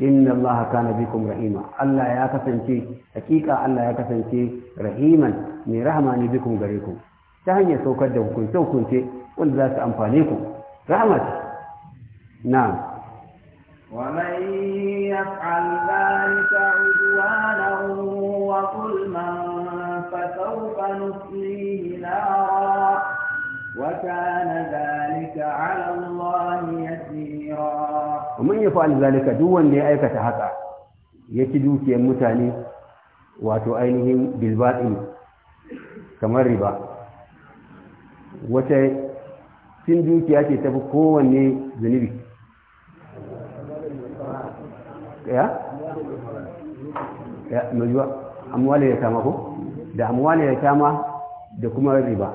inna allaha kana bikum rahima Allah ya kasance hakika Allah ya kasance rahiman mai rahama ne bikum gare ku ta hanyar saukar da hukunce hukunce wanda za su ku rahama ومن يفعل ذلك عدوانا وظلما فسوف نصليه نارا وكان ذلك على الله يسيرا ومن يفعل ذلك دون لأيكة هكا يتدوك يمتاني wato وتؤينهم bilbaɗin كما الربا wata cin dukiya تبقوا tafi ذنبك ya ya majuwa amwali ya kama ko da amwali ya kama da kuma riba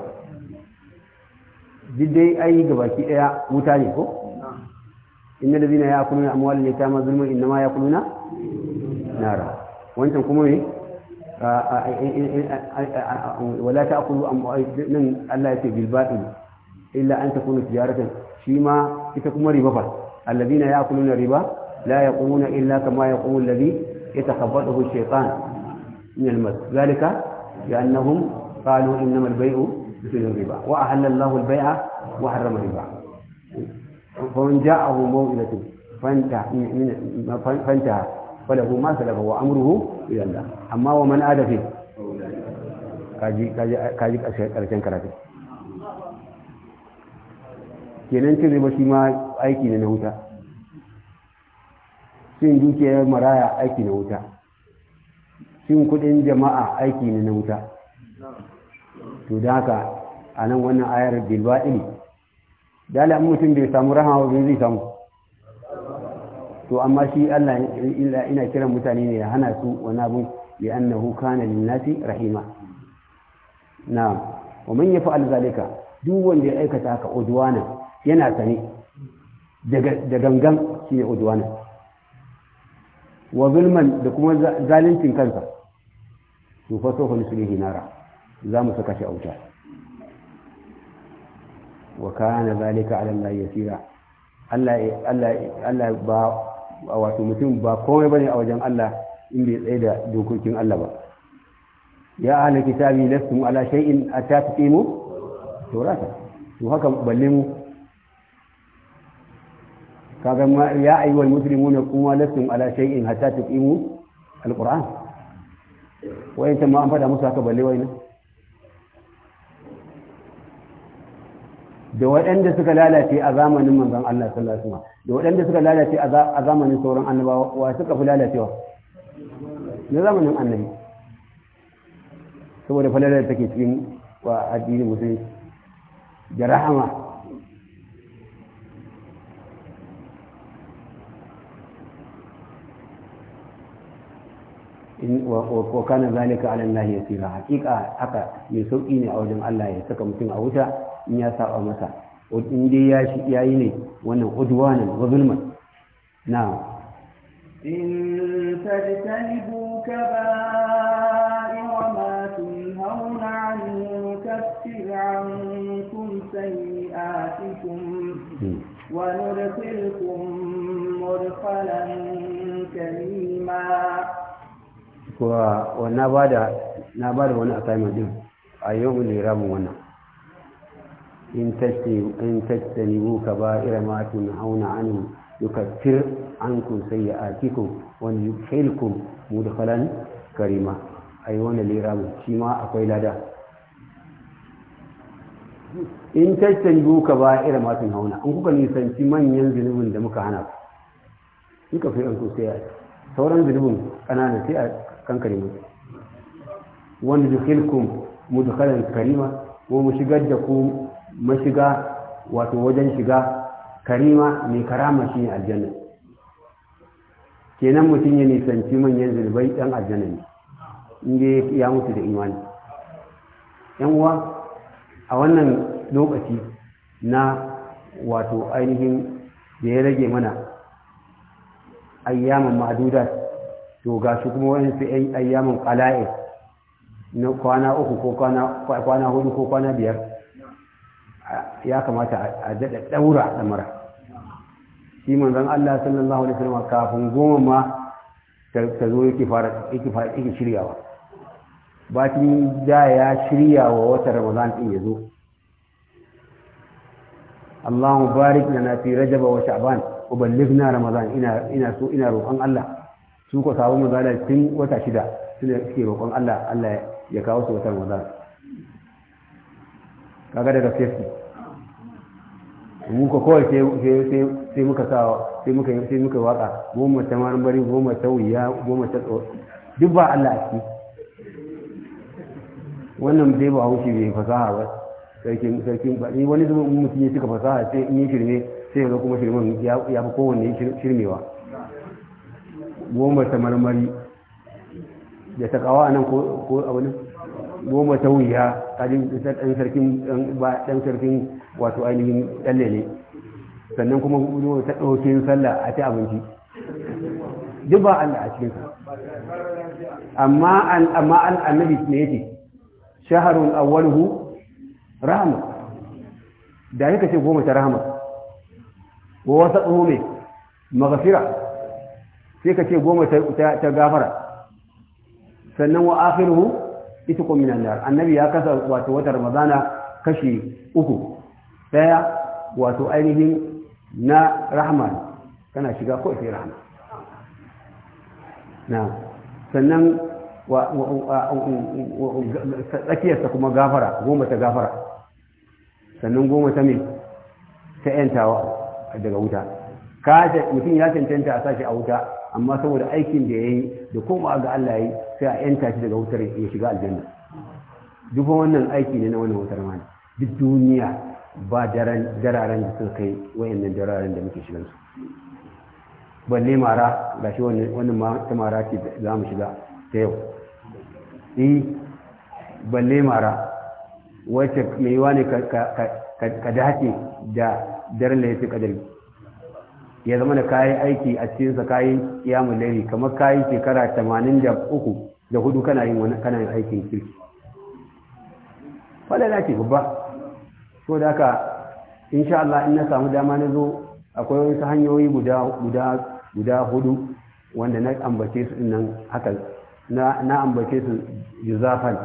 diddai ai gabaki daya wuta ne ko inna ladina ya'kuluna amwalal yatama zulmun ma ya'kuluna nara wancan kuma ne wala ta'kulu amwalin Allah ya ce bil batil illa an takuna tijaratan shi ma ita kuma riba fa alladina ya'kuluna riba لا يقومون إلا كما يقوم الذي يتخبطه الشيطان من المس ذلك بأنهم قالوا إنما البيع مثل الربا وأحل الله البيع وحرم الربا فمن جاءه موئلة فانتهى فله ما سلف وأمره إلى الله أما ومن آد فيه kaji ƙarshen karatu kenan cin riba shi ma aiki ne na huta cin dukiyar maraya aiki na wuta cin kudin jama'a aiki ne na wuta to da haka a nan wannan ayar bilba'ili da alamun mutum bai samu rahama ba zai samu to amma shi Allah ina kiran mutane ne ya hana su wani abin ya annahu kana linnati rahima na wa man yaf'al zalika duk wanda ya aikata haka udwana yana sane da gangan shi ne udwana wa zulman da kuma zalincin kansa to fa sofa nuslihi nara za mu saka shi a wuta wa kana zalika ala Allah yasira Allah Allah Allah ba wato mutum ba komai bane a wajen Allah in bai tsaye da dokokin Allah ba ya ahli kitabi lastum ala shay'in atatimu tawrata to haka balle kaga ya ayyuhal muslimuna kuma lastum ala shay'in hatta tuqimu alquran wai ta ma an fada musu haka balle wai da waɗanda suka lalace a zamanin manzon Allah sallallahu alaihi wasallam da waɗanda suka lalace a zamanin sauran annabawa wa suka fi lalacewa na zamanin annabi saboda falalar take cikin wa addinin musulunci da rahama wa kana zalika ala Allah yasira hakika haka mai sauƙi ne a wajen Allah ya saka mutum a wuta in ya saba masa in dai ya shi yayi ne wannan udwanan wa zulman na'am in tajtanibu kaba'ir ma tunhauna anhu nukaffir ankum sayi'atikum hmm. wa nudkhilkum mudkhalan karima kuwa na ba da wani assignment din a yau ne ramin wannan in tace ni buka ba ira matu na auna anin yukaffir an kun sai ya akikun wani yukhailkun mudkhalan karima a yi wani liramin shi ma akwai lada in tace ni buka ba ira matu na auna an kuka nisanci manyan zunubin da muka hana ku fi an kun sai sauran zunubin ƙananan sai a kankare mu wanda dukhilkum mudkhalan karima ko mu da ku mashiga wato wajen shiga karima mai karama shi aljanna kenan mutum ya nisanci manyan zunubai dan aljanna ne inda ya mutu da imani yan uwa a wannan lokaci na wato ainihin da ya rage mana ayyaman ma'adudat to ga su kuma wani su ayyamin kala'i na kwana uku ko kwana hudu ko kwana biyar ya kamata a daɗa ɗaura ɗamara shi manzan Allah sallallahu alaihi wasallam kafin goma ma ta zo yake fara yake shiryawa bakin da ya shirya wa wata ramadan ɗin ya zo Allahumma barik lana fi rajaba wa sha'ban wa ballighna ramadan ina ina so ina roƙon Allah su ko sabon manzala tun wata shida suna suke roƙon Allah Allah ya kawo su wata. manzala kaga daga safety mun ko kawai sai muka sa sai muka sai muka waka goma ta marmari goma ta wuya goma ta tsoro duk ba Allah a ciki wannan dai ba haushi bai fasaha ba sarkin sarkin ba wani zuwa mutum ya cika fasaha sai in yi shirme sai ya zo kuma shirmen ya fi kowanne shirmewa goma ta marmari da ta kawo a nan ko abu ne goma ta wuya kajin ɗan sarkin ɗan sarkin wato ainihin ɗan lele sannan kuma goma ta ɗaukin sallah a ci abinci duk ba Allah a cikinsa amma an amma an annabi ne yake shaharun awwaluhu rahma da yake ce goma ta rahma wa wasatuhu ne maghfira sai ka ce goma ta gafara sannan wa akhiruhu kuma minan nar annabi ya kasa wato wata ramadana kashi uku daya wato ainihin na rahman kana shiga ko sai rahma na sannan wa tsakiyarsa kuma gafara goma ta gafara sannan goma ta mai ta yantawa daga wuta mutum ya cancanta a sashi a wuta amma saboda aikin da ya yi da kuma ga Allah ya sai a yanta shi daga wutar ya shiga aljanna duk wannan aiki ne na wannan wutar ma ne. duk duniya ba dararen da suka kai wayannan dararen da muke shigan su balle mara ga shi wannan ma ta mara ce za mu shiga ta yau eh balle mara wacce mai yiwa ne ka dace da daren da ya fi kadari ya zama da kayan aiki a cikinsa kayan kiyamun laili kamar kayan shekara 83 da hudu kana yin wani kanayin aikin kirki za ce babba so da haka insha Allah in na samu dama na zo akwai wasu hanyoyi guda hudu wanda na ambace su nan haka na ambace su juzafan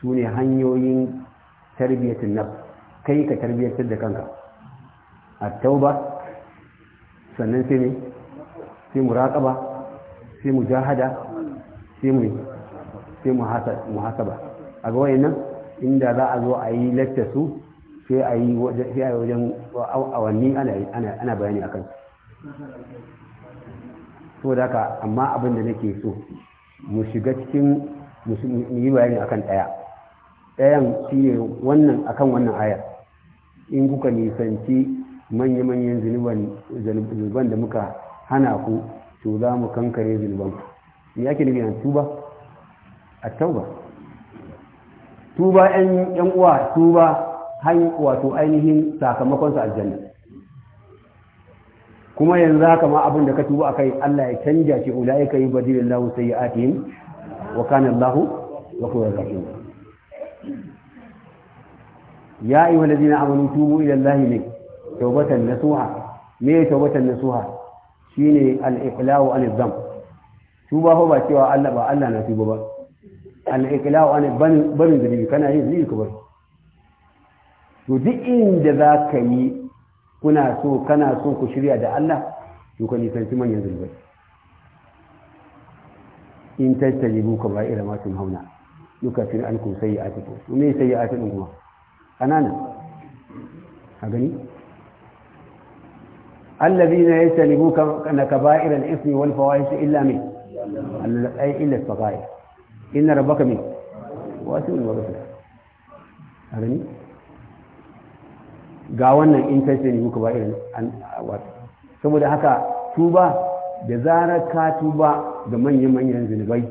su ne hanyoyin tarbiyyatin na kai ka tarbiyyatar da kanka a tauba sannan sai ne sai muraqaba sai jahada, sai mu hasaba muhasaba a ga nan inda za a zo a yi lecture su sai a yi wajen awanni ana bayani a kan so da ka amma abin da nake so mu shiga cikin mu yi bayani akan ɗaya ɗayan shi ne wannan akan wannan aya in kuka nisanci manya-manyan zunuban da muka hana ku to za mu kankare zunuban ku. ya ke nufi yan tuba a tauba tuba yan uwa tuba hanyar wato ainihin sakamakonsa aljanna kuma yanzu haka ma abin da ka tuba akai Allah ya canja sai ya ake yin wa kana Allahu ghafurur rahim ya ayyuhallazina amalin tubu ilallahi ne. taubatan nasuha me taubatan nasuha shine al-iqla'u an zam tuba fa ba cewa Allah ba Allah na tuba ba al-iqla'u an barin zunubi kana yin zunubi ka bar to duk inda za ka yi kuna so kana so ku shirya da Allah to ka nisanci manyan zunubai in tattalibu ka ba'ira ma tun hauna yukafir ankum sayyi'atikum me sayyi'atikum kuma ƙanana a gani allazina yastanibu kana kaba'ir al-ithmi wal fawahish illa min ay illa al-sagair inna rabbaka min wasi'ul maghfir arani ga wannan in kai ni ka ba irin an wato saboda haka tuba da zarar ka tuba ga manya-manyan zunubai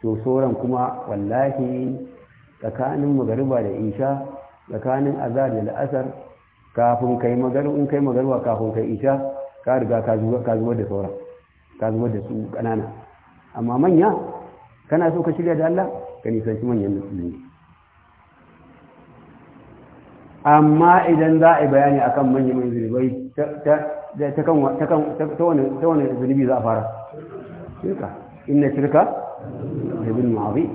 to sauran kuma wallahi tsakanin magariba da isha tsakanin azar da la'asar kafin kai magaru in kai magaruwa kafin kai isha ka riga ka zubar da sauran ka zubar da su kanana amma manya kana so ka shirya da Allah ka nisanci manyan musulmi amma idan za a yi bayani akan manyan zunubai ta wani zunubi za a fara shirka inna shirka da bin ma'azi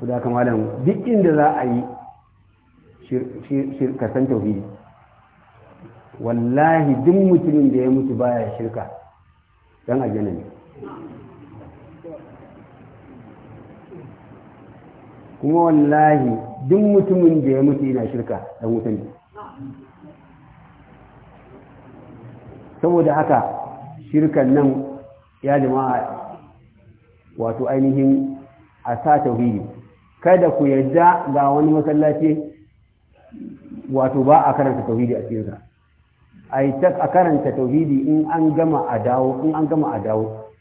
ku da kamalan duk inda za a yi ka tauhidi wallahi duk mutumin da ya mutu baya shirka dan aljanna ne kuma wallahi duk mutumin da ya mutu yana shirka dan wutan ne saboda haka shirkan nan ya jama'a wato ainihin a sa tauhidi kada ku yadda ga wani masallaci wato ba a karanta tauhidi a cikin sa ai ta a karanta tauhidi in an gama a dawo in an gama a dawo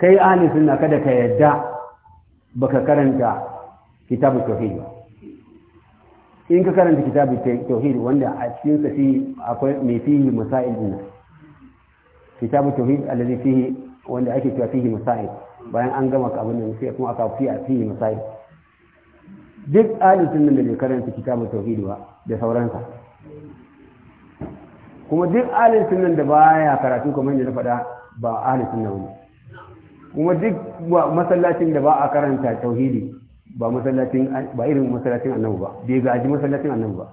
kai ahli sunna kada ka yadda baka karanta kitabu tauhidi ba in ka karanta kitabu tauhidi wanda a cikin sa shi akwai mai fihi masail din kitabu tauhidi alladhi fihi wanda ake cewa fihi masail bayan an gama abin nan sai kuma aka fi fihi masail duk sun nan da bai karanta kitabut tauhid ba da sauransa kuma duk sun nan da baya karatu kamar yadda na faɗa ba ahli sun nan kuma duk masallacin da ba a karanta tauhidi ba masallacin ba irin masallacin annabu ba bai gaji masallacin annabu ba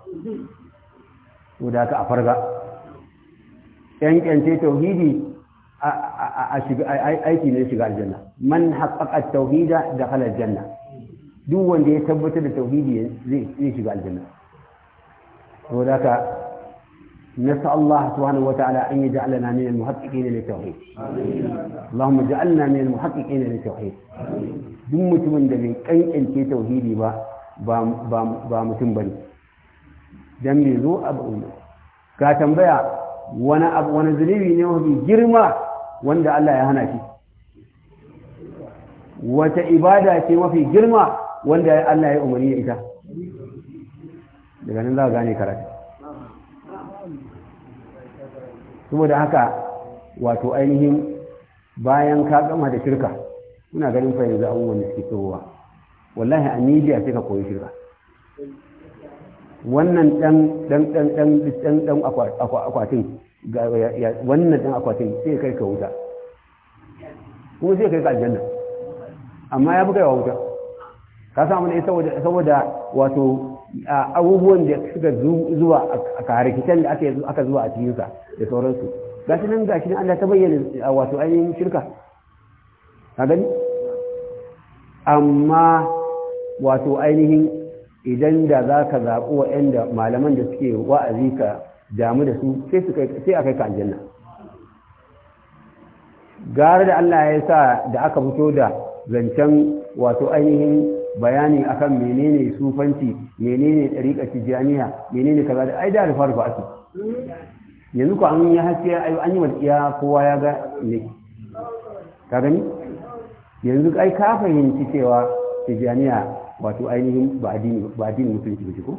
to da aka a farga yankance tauhidi a shiga aiki ne shiga aljanna man haqqaqa tauhida dakhala janna. duk wanda ya tabbatar da tauhidi zai shiga aljanna saboda haka nasa Allah subhanahu wa ta'ala an yaj'alana min al-muhaqqiqina li tauhid Allahumma ja'alna min al-muhaqqiqina li tauhid duk mutumin da bai kankance tauhidi ba ba mutum bane dan bai zo a ba'una ka tambaya wani abu wani zunubi ne mafi girma wanda Allah ya hana shi wata ibada ce mafi girma wanda Allah ya umarni ya ita daga nan za a gane karatu saboda haka wato ainihin bayan ka gama da shirka kuna ganin fa yanzu abubuwan da suke tsohuwa wallahi a nijiya sai ka koyi shirka wannan dan dan dan dan dan dan akwatin wannan dan akwatin sai kai ka wuta kuma sai kai ka aljanna amma ya buga wa wuta ka samu ne saboda wato abubuwan da suka zuwa a karkitan da aka zuwa a cikinsa da sauransu shi nan gashi nan Allah ta bayyana wato ainihin shirka ka gani amma wato ainihin idan da za ka zaɓi waɗanda malaman da suke wa'azi ka damu da su sai a kai ka aljanna gara da Allah ya sa da aka fito da zancen wato ainihin bayani akan menene sufanci menene ɗariƙa tijjaniya menene kaza da ai da alfaru ba ake yanzu ko an yi haske an yi walƙiya kowa ya ga ne ka gani yanzu ai ka fahimci cewa tijjaniya wato ainihin ba addini musulunci ba ko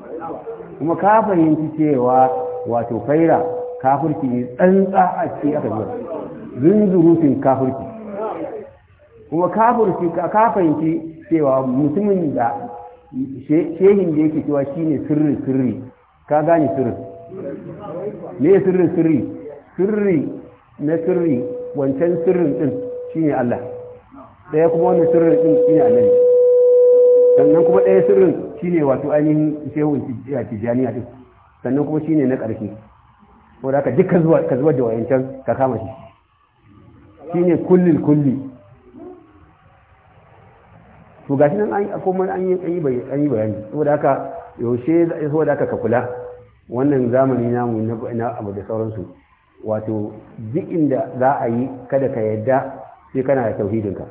kuma ka fahimci cewa wato faira kafirci ne tsantsa a ce aka zuwa zunzurutun kafirci kuma kafirci ka fahimci cewa mutumin da shehin da yake cewa ne sirri sirri ka gane sirri me sirri sirri sirri na sirri wancan sirrin din shine Allah ɗaya kuma wani sirrin din shine Allah sannan kuma ɗaya sirrin shine wato ainihin shehun a duk sannan kuma shine na ƙarshe wadda ka duk ka zuwa da wayancan ka kama shi shine kullil kulli to gashi nan an komai an yi an yi bayani saboda haka yaushe saboda haka ka kula wannan zamani namu na abu da sauransu wato duk inda za a yi kada ka yadda sai kana da tauhidinka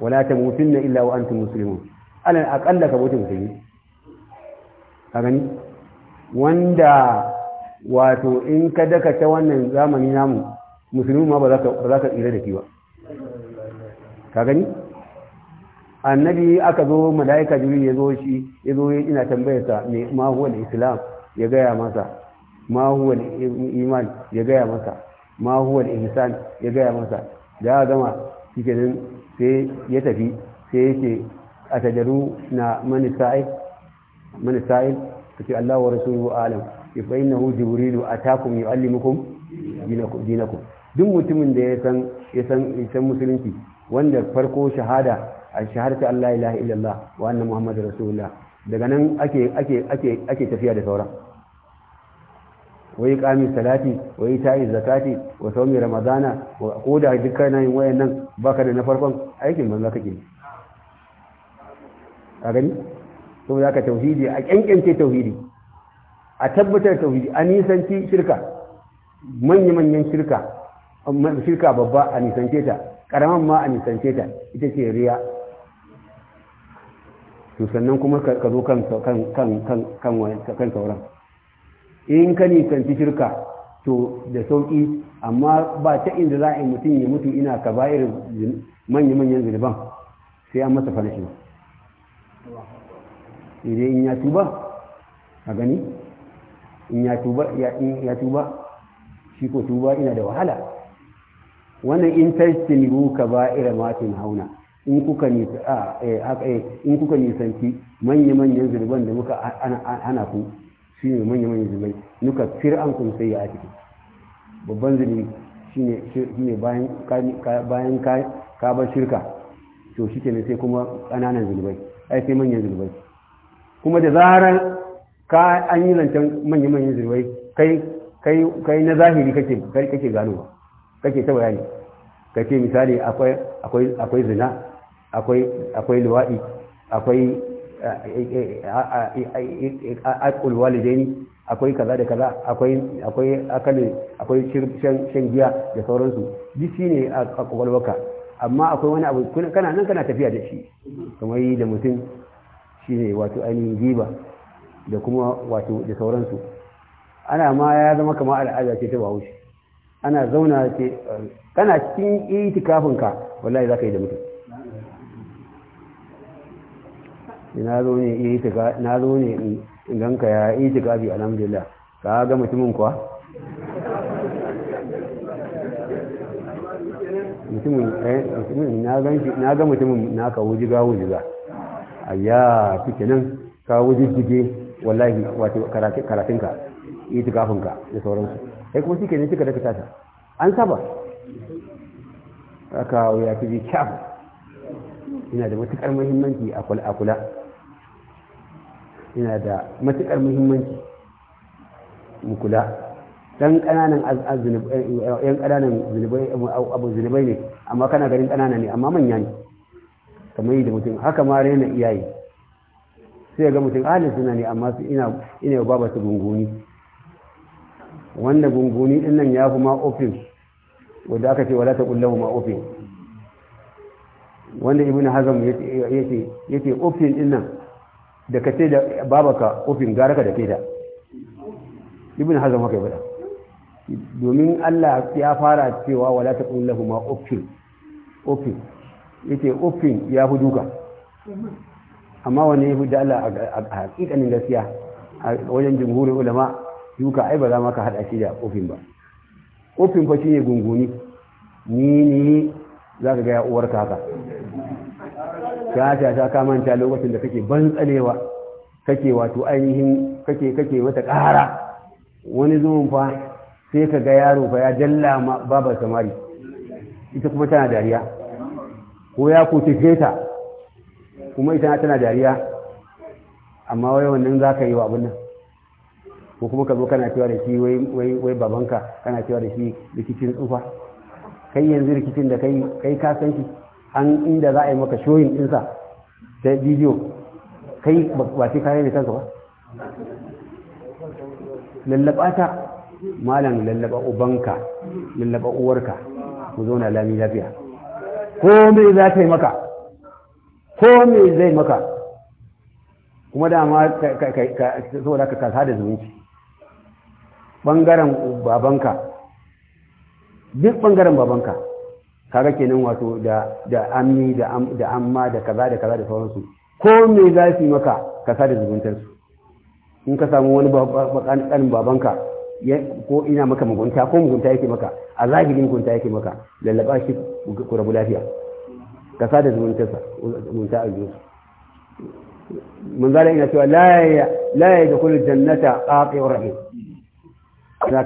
wala ta mutunna illa wa antum muslimun alal aqalla ka mutum sai ka gani wanda wato in ka daka ta wannan zamani namu musulmi ma ba za ka tsira da ki ba ka gani annabi aka zo malaika jibril ya zo shi ya zo ina tambayar sa me ma huwa islam ya gaya masa ma huwa iman ya gaya masa ma huwa ihsan ya gaya masa da ya gama cikin sai ya tafi sai yake atajaru na manisa'il manisa'il kace Allah wa rasuluhu alam fa innahu jibril atakum yuallimukum dinakum duk mutumin da ya san ya san musulunci wanda farko shahada a shahadata Allah ilaha illallah wa anna Muhammadu rasulullah daga nan ake ake ake ake tafiya da sauran wai kami salati wai ta'i zakati wa saumi ramadana wa koda dukkanin nan wayannan baka da na farkon aikin ka kake a gani za ka tauhidi a kyankyance tauhidi a tabbatar tauhidi a nisanci shirka manya-manyan shirka shirka babba a nisance ta karaman ma a nisance ta ita ce riya to sannan kuma ka zo kan sauran in ka nisanci shirka to da sauƙi amma ba ta inda za a yi mutum ya mutu ina ka irin manya-manyan zirban sai an masa falashi idan in ya tuba a gani in ya tuba ya tuba shi ko tuba ina da wahala wannan in ba irin matin hauna Eh, eh, in kuka nisanci manya-manyan zirban da muka hana ku shi ne manya-manyan zunubai nuka an kun sai ya ciki babban zunubi shi ne bayan ka bar shirka to shi ke sai kuma ƙananan zunubai ai sai manyan zunubai kuma da zarar ka an yi zancen manya-manyan zunubai kai na zahiri kake gano kake ta bayani kake misali akwai zina akwai luwaɗi akwai akul walidaini akwai kaza da kaza akwai akwai akali akwai shan giya da sauransu duk shine a kwakwalwarka amma akwai wani abu kana nan kana tafiya da shi kamar yi da mutum shine wato ainihin giba da kuma wato da sauransu ana ma ya zama kamar al'ada ce ta bahaushe ana zauna ce kana cikin itikafinka ka wallahi zaka yi da mutum na zo ne na zo ne in ganka ya itikafi alhamdulillah ka ga mutumin kuwa mutumin eh mutumin na na ga mutumin na ka wuji ga wuji ga ayya kike nan ka wuji jige wallahi wato karatu karatunka itikafinka da sauransu kai kuma shike ne kika da ka an saba aka ya fi kyau yana da matuƙar muhimmanci a kula kula yana da matuƙar muhimmanci mu kula ɗan ƙananan yan ƙananan zunubai abu zunubai ne amma kana ganin ƙanana ne amma manya ne kamar yi da mutum haka ma raina iyaye sai ga mutum ahalin suna ne amma su ina ina babu su gunguni wanda gunguni ɗin nan ya fi ma ofin wanda aka ce wala ta kullahu ma ofin wanda ibn hazm yace yace ofin din nan da kace da babaka ofin gara ka da kai ibn hazm haka bada domin Allah ya fara cewa wala taqul lahum ofin ofin yace ofin ya huduka amma wani ya huda Allah a hakikanin gaskiya a wajen jumhurin ulama duka ai ba za maka ka hada shi da ofin ba ofin fa shine gunguni ni ni za ka gaya Ka haka ta ta ka manta lokacin da kake ban tsalewa? kake wato ainihin kake kake mata ƙara wani zuwan fa sai ka ga yaro fa ya jalla babar samari ita kuma tana dariya ko ya kutufe ta kuma ita tana dariya amma wai wannan za ka yi wa abin nan ko kuma ka zo kana cewa da shi wai babanka kana cewa da shi likicin tsufa kai yanzu rikicin da kai kai ka san shi an inda za a yi maka shoyin insa ta bidiyo kai ba shi kare ne kansa ba lallaba ta malam lallaba ubanka lallaba uwarka ku zo na lami lafiya ko me za ta yi maka ko me zai maka kuma dama saboda ka kasa da zumunci bangaren babanka duk bangaren babanka kaga kenan wato da da amni da da amma da kaza da kaza da sauransu ko me za su maka ka sa da su in ka samu wani bakan babanka ko ina maka mugunta ko mugunta yake maka a zahirin mugunta yake maka lallaba shi ku rabu lafiya ka sa sada zumuntarsa mugunta a jinsu mun zara ina cewa la ya la ya da kullu jannata wa rahim